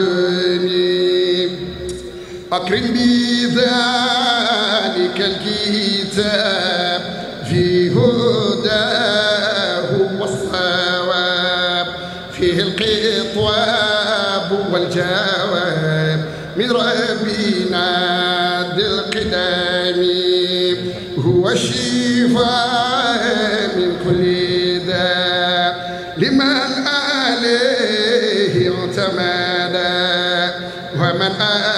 العدن أكرم بذلك الكتاب في هداه والصواب فيه القطواب والجواب من ربنا ذي القدام هو الشفاء من كل ومن آمن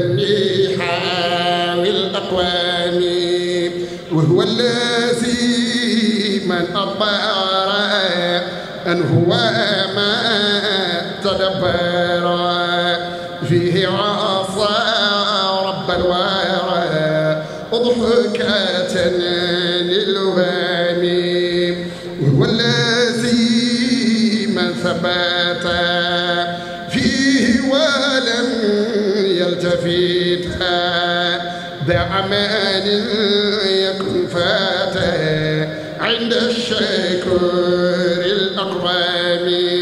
الريح والأقوام وهو الذي من أطار أن هو ما تدبر فيه عصى رب الورى أضحكة بأعمال يكن فاته عند الشكر الأقوام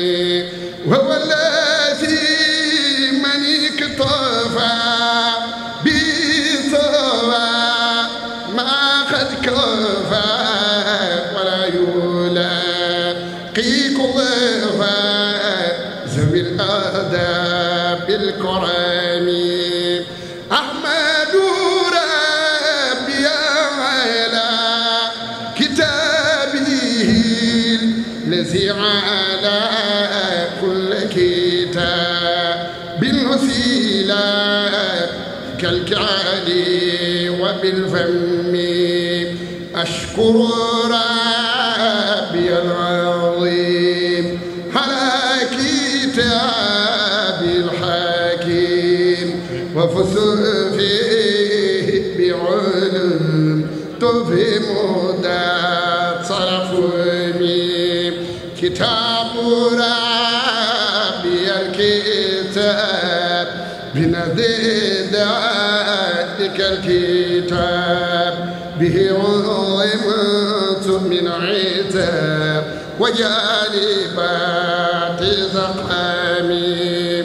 الذي على كل كتاب وسيلة كالكعد وبالفم أشكر ربي العظيم على كتاب الحكيم وفث فيه بعلم تفهم ذات صرفه الكتاب ربي الكتاب بنذير دعائك الكتاب به علمت من عتاب وجعل باتي زقامي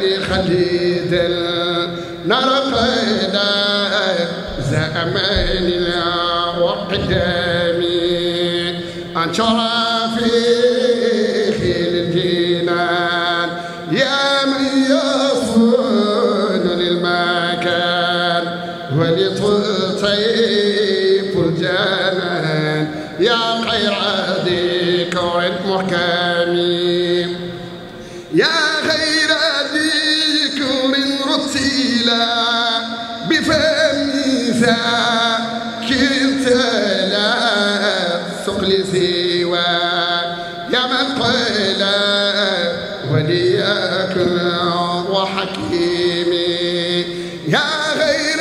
بخديد نرقد زمان وقدام أنشر فيه الجنان يا من يصون للمكان ولتطيب الجنان يا خير ذكر محكم يا ساكن لا سقل سوى يا من قيل وليك وحكيم يا غير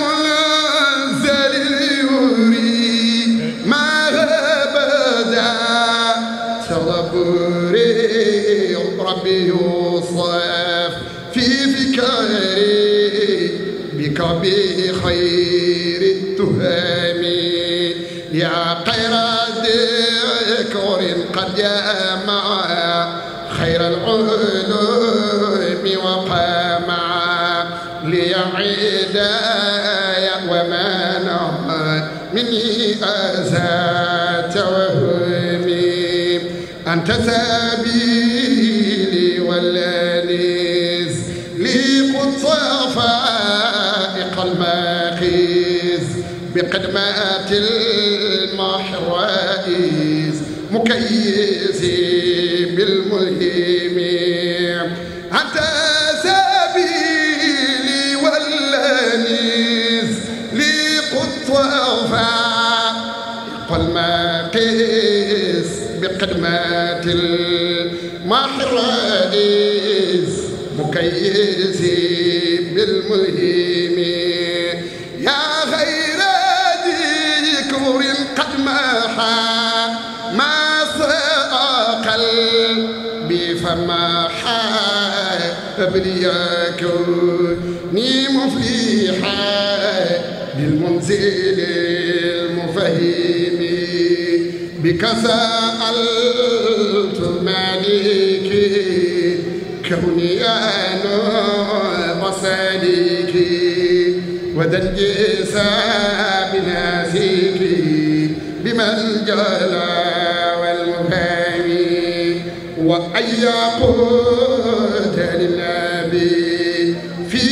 منزل اليوري ما بدا صبري ربي يوصف في فكري بك بخير بنور قد جاء معها خير العلوم وقامع ليعيد وما نعم مني أزات وهمي أنت سبيلي والأنيس لي قد صفائق الماقيس بقدمات المحرائي مكيس بالملهم أنت سبيلي والأنيس لي قطوفا المقيس بقدمات المحرائس مكيس بالملهم يا غير ذكر قد محا قلبي فما حابريا كوني مفلحا للمنزل المفهم بك سألت مالكي كوني أنا وصالكي ودنجي سابنا سيكي بمن جلال وأياكم للنبي في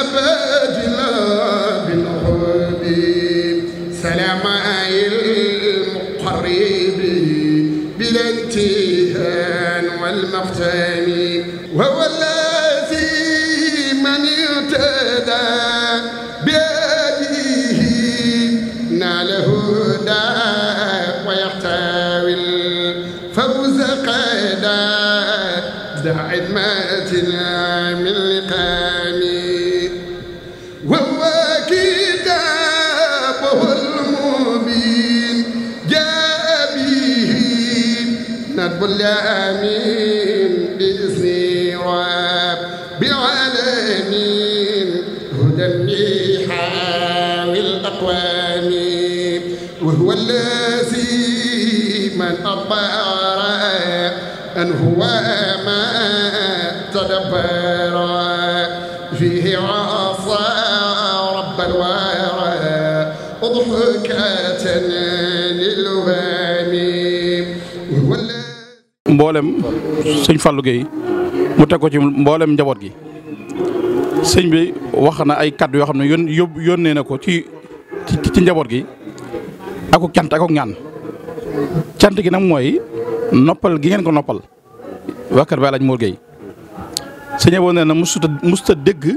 أبدنا بالحب سلام المقرب بلا انتهان والمختم وهو الذي من يتقي بنا من لقامي وهو كتابه المبين جاء به ندب الأمين بإذن رب العالمين هدى إيحاء الأقوام وهو الذي من أطار أن هو تدبرا فيه عصى رب الورى ضحكة للوام mboolem sëñ Fallou Gueye mu teg ko ci mboolem njaboot gi sëñ bi wax na ay kàddu yoo xam ne yón yónnee na ko ci ci njaboot gi ak ko cant ak ñaan cant gi nag mooy noppal gi ngeen ko noppal waa kër Baay Laaj Mor Gueye sëñ Abo nee na mosut a mosut a dégg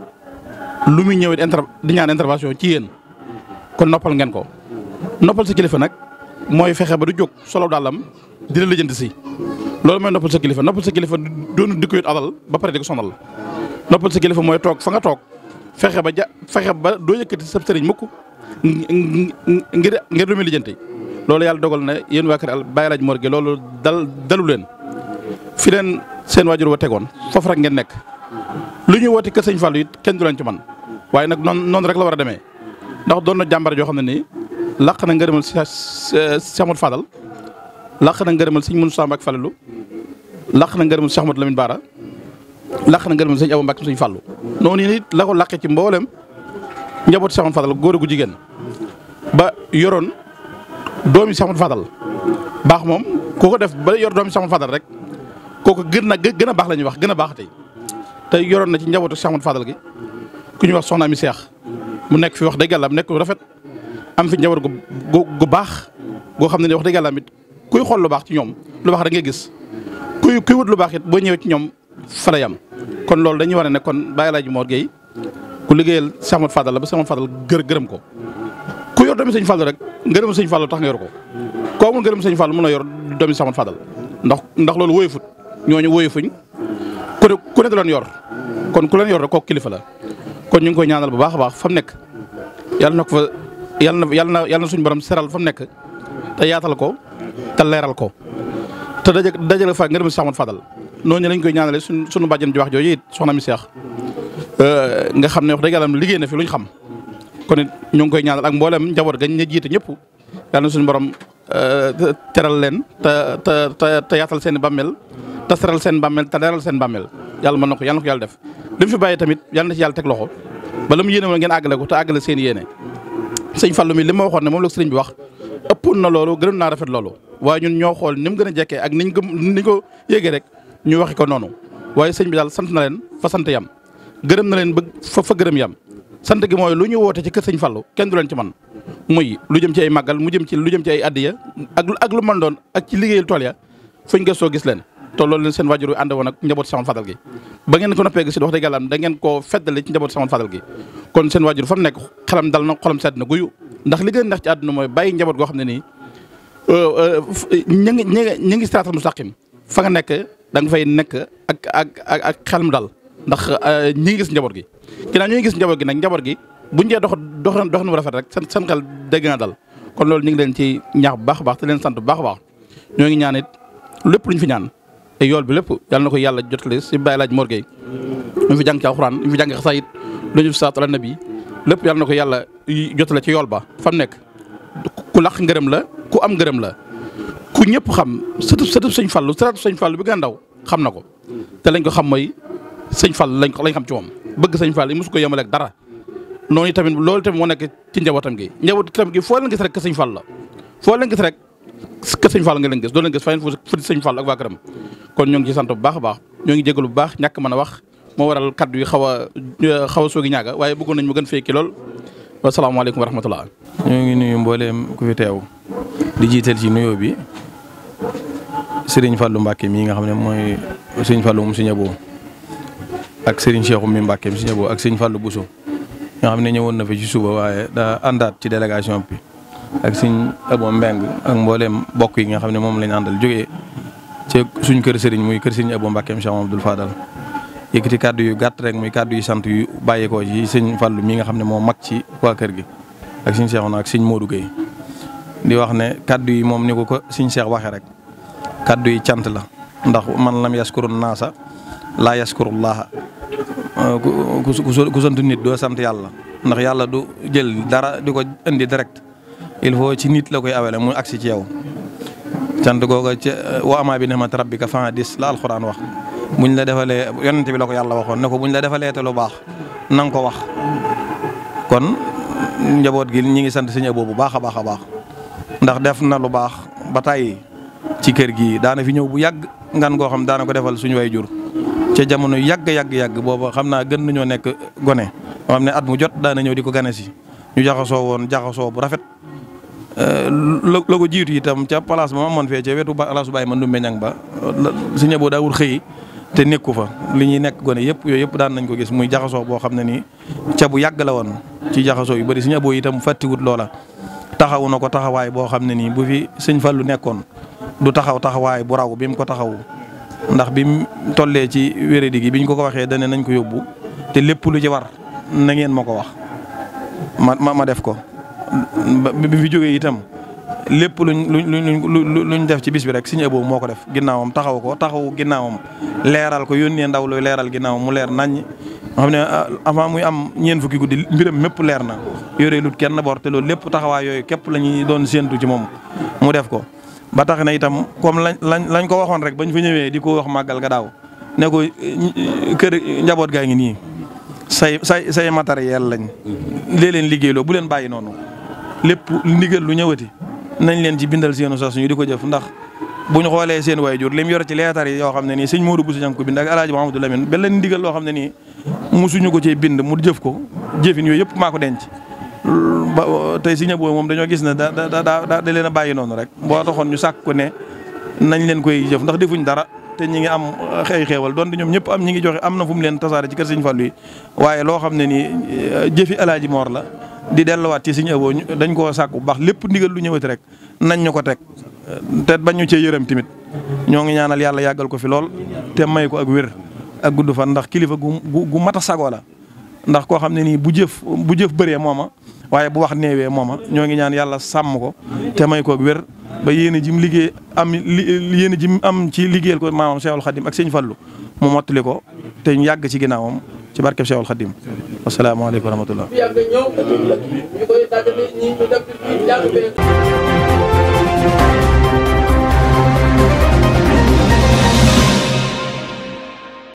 lu muy ñëwee di ñaan intervention ci yéen kon noppal ngeen ko noppal sa kilifa nag mooy fexe ba du jóg solo dàllam di la lijjanti si loolu mooy noppal sa kilifa noppal sa kilifa doonu di ko alal ba pare di ko sonal noppal sa kilifa mooy toog fa nga toog fexe ba ja fexe ba doo yëkkati sa sëriñ mukk ngir ngir lu muy lijjanti loolu yàlla dogal na yéen waa kër Baye Laaj Mor gi loolu dal dalu leen seen waajur wa tegoon foofu rek ngeen nekk lu ñuy woote ka sëñ Fallou it kenn du leen ci man waaye nag noonu noonu rek la war a demee ndax doon na jàmbar joo xam ne nii laq na ngërëmal Cheikh Ahmadou Fadal laq na ngërëmal sëñ Moussa Mbacké Fallou laq na ngërëmal Cheikh Ahmadou Lamine Bara laq na ngërëmal sëñ Abou Mbacké sëñ Fallou noonu it la ko ci mboolem njabootu Cheikh Ahmadou Fadal góor gu jigéen ba yoroon doomi Cheikh Ahmadou Fadal baax moom ku ko def ba yor doomi Cheikh Ahmadou Fadal rek kooku gën na gën a baax la ñuy wax gën a baax tey tey yoroon na ci njabootu Cheikh Ahmadou Fadal gi ku ñuy wax soxna mi Cheikh mu nekk fi wax dëgg yàlla mu rafet am fi njaboot gu gu baax goo xam ne wax dëgg yàlla mit kuy xool lu baax ci ñoom lu baax da ngay gis kuy kuy wut lu baax it boo ñëwee ci ñoom fa yam kon loolu dañuy wane ne kon Baye El Hadj Mor Gueye ku liggéeyal Cheikh Ahmadou la ba Cheikh Ahmadou gër gërëm ko ku yor doomi sëñ Fallou rek ngërëm sëñ Fallou tax nga ko ko amul ngërëm sëñ Fallou mën a yor doomi Cheikh Ahmadou Fadal ndax loolu woyefut ñooñu wóoyu fuñ ku ne ku nekk doon yor kon ku leen yor rek kooku kilifa la kon ñu ngi koy ñaanal bu baax a baax fa nekk yàlla na ko fa yàlla na yàlla na suñu borom seral fa nekk te yaatal ko te leeral ko te daje dajale fa ngërëm si saxmat fadal noonu lañ koy ñaanale suñ suñu bàjjen ji wax jooju it mi seex euh, nga xam ne wax dëgg yàlla liggéey na fi luñ xam kon it ñu koy ñaanal ak mboolem njaboot gañ ña jiite ñëpp yàlla na suñu borom teral leen te te te yaatal seen i bàmmeel te seral seen bàmmeel te leeral seen bàmmeel yàlla mën na ko yàlla na ko yàlla def li mu fi bàyyi tamit yàlla na ci yàlla teg loxo ba la mu yéene ngeen àggale ko te àggale seen yéene sëñ Fallou mi li ma waxoon ne moom la sëriñ bi wax ëppoon na loolu gënoon naa rafet loolu waaye ñun ñoo xool ni gën a jekkee ak niñ ko ni ko yéegee rek ñu waxe ko noonu waaye sëñ bi daal sant na leen fa sant yam gërëm na lu ñu woote ci kër sëñ Fallou kenn muy lu jëm ci ay màggal mu jëm ci lu jëm ci ay addiya ak ak lu mën doon ak ci liggéeyal tool ya fuñ gëstoo gis leen te loolu leen seen waajur yu ànd woon ak njaboot Cheikhoul Fadal gi ba ngeen da ngeen koo feddali ci njaboot Cheikhoul Fadal gi kon seen waajur fa mu nekk xelam dal na xolam sedd na guyu ndax li gën neex ci àdduna mooy bàyyi njaboot goo xam ne nii euh, euh, ñu ngi ñu ngi siraatal fa nga nekk da nga fay nekk ak ak ak xel mu dal ndax euh, ñi ngi gis njaboot gi ginnaaw ñi ngi gis njaboot gi nag njaboot gi buñ jee dox dox dox nu rafet rek seen seen xel dégg na dal kon loolu ñu ngi leen ci ñaax bu baax baax te leen sant bu baax baax ñoo ngi ñaan it lépp luñ fi ñaan te yool bi lépp yàlla na ko yàlla jotale si bàyyi laaj morgey ñu fi jàng ci alxuraan ñu fi jàng xasaayit lu ñu fi saatu ala nabi lépp yàlla na ko yàlla jotale ci yool ba fam nekk ku laq ngërëm la ku am ngërëm la ku ñëpp xam sëtub sëtub sëñ fallu sëtub sëñ fallu bi nga ndaw xam na ko te lañ ko xam mooy sëñ fal lañ ko lañ xam ci moom bëgg sëñ Fall yi mosu ko yemale ak dara noonu tamit loolu tamit moo nekk ci njabootam gi njabootam gi foo leen gis rek que sëñ Fall la foo leen gis rek que sëñ Fall nga leen gis doo leen gis fayen fu sëñ Fall ak waa këram kon ñoo ngi sant bu baax a baax ñoo ngi jégalu bu baax ñàkk mën a wax moo waral kaddu yi xaw xaw a soogi waaye bëggoon nañ mu gën fekki lool wasalaamaaleykum wa rahmatullah ñoo ngi nuyu mbooleem ku fi teew di jiital ci nuyoo bi Serigne Fallou Mbacke mii nga xam ne mooy Serigne Fallou mu suñu boobu ak sëriñ Cheikh mi Serigne Abo ak Serigne Fallou Bousso ñoo xam ne ñëwoon na fi ci suba waaye daa àndaat ci délégation bi ak Serigne Abo Mbeng ak mbooleem bokk yi nga xam ne moom lañ àndal jógee ci suñ kër Serigne muy kër Serigne Abo Mbacke mi Cheikh Abdoul Fadal yëkkati kàddu yu gàtt rek muy kàddu yu sant yu bàyyeekoo ci Serigne Fallou mi nga xam ne moo mag ci kër gi ak Serigne Cheikh ak Serigne Modou Gueye di wax ne kàddu yi moom ni ko ko Serigne Cheikh waxee rek kàddu yi cant la ndax man lam yaskurun naasa laa yaskurullaha ah, ku sant nit doo sant yàlla ndax yàlla du jël dara di ko indi direct il faut ci nit la koy awele mu agsi ci yow sant googa ci wa amaa bi ni'mati rabbika fa hadis la alxuraan wax buñ la defalee yonent bi la ko yàlla waxoon ne ko buñ la defalee te lu baax na nga ko wax kon njaboot gi ñi ngi sant Sëñ Abo bu baax a baax a baax ndax def na lu baax ba tàyyi ci kër gi daana fi ñëw bu yàgg ngan goo xam daana ko defal suñu way jur ca jamono yàgg yàgg yàgg booba xam naa gën nañoo nekk gone xam ne at mu jot daan na ñëw di ko gane ñu jaxasoo woon jaxasoo bu rafet. Euh, la ko jiitu itam ca place ba ma amoon fee ca wetu place baay bàyyi ma Ndumbe Ñang ba su ñëboo daa wut xëy te nekku fa li ñuy nekk gone yëpp yooyu yëpp daan nañ ko gis muy jaxasoo boo xam ne nii ca bu yàgg la woon ci jaxasoo yu bëri su ñëboo itam fàttiwut loola. taxawu na ko taxawaay boo xam ne nii bu fi sëñ lu nekkoon du taxaw taxawaay bu raw ndax bi mu tollee ci wéradi gi biñ ko ko waxee dane nañ ko yóbbu te lépp lu ci war na ngeen ma ko wax ma ma ma def ko. bi bi fi jógee itam lépp luñ luñ luñ def ci bis bi rek suñu ëbboo moo ko def ginnaawam taxaw ko taxaw ginnaawam leeral ko yónnee ndaw looy leeral ginnaawam mu leer naññ. nga xam ne ah, avant muy am ñeen fukki guddi mbiram mépp leer na yoreelut kenn bor te loolu lépp taxawaay yooyu képp la ñuy doon séentu ci moom mu def ko. ba tax na itam comme lañ lañ lañ ko waxoon rek bañ fa ñëwee di ko wax màggal ga daaw ne ko kër njaboot gaa ngi nii say say say matériel lañ. lee leen liggéeyloo bu leen bàyyi noonu lépp ndigal lu ñëwati nañ leen ci bindal seenu sas ñu di ko jëf ndax bu ñu xoolee seen waajur lim yor ci leetar yi yoo xam ne nii sëñ Modou Bousso ña ko bind ak El Hadj Mamadou Lamine benn ndigal loo xam ne nii mosuñu ko cee bind mu jëf ko jëfin yooyu yëpp maa ko denc. tey si ñaboo moom dañoo gis ne da da da da leen a bàyyi noonu rek boo taxoon ñu ko ne nañ leen koy jëf ndax defuñ dara te ñi ngi am uh, xëy xeewal doon di ñoom ñëpp am ñi ngi joxe am na fu mu leen tasaare ci kër Sëñ Fallu yi waaye loo xam ne nii uh, jëfi alaaji Moor la di delluwaat ci Sëñ Abo dañ koo sàkku bu baax lépp ndigal lu ñëwati rek nañ ñu ko teg uh, te bañ ñu cee yërëm tamit ñoo ngi ñaanal yàlla yàggal ko fi lool te may ko ak wér ak gudd fan ndax kilifa gu gu mat a sagoo la ndax koo xam ne nii bu jëf bu jëf bëree mooma waaye bu wax néewee mooma ñoo ngi ñaan yàlla sàmm ko te may ko wér ba yéen a ji mu liggéey am yéen a ji am ci liggéeyal ko maamam Cheikhul Khadim ak sëñ Fallou mu mottali ko te ñu yàgg ci ginnaawam ci barkeb Cheikhul Khadim asalaamaaleykum wa rahmatullah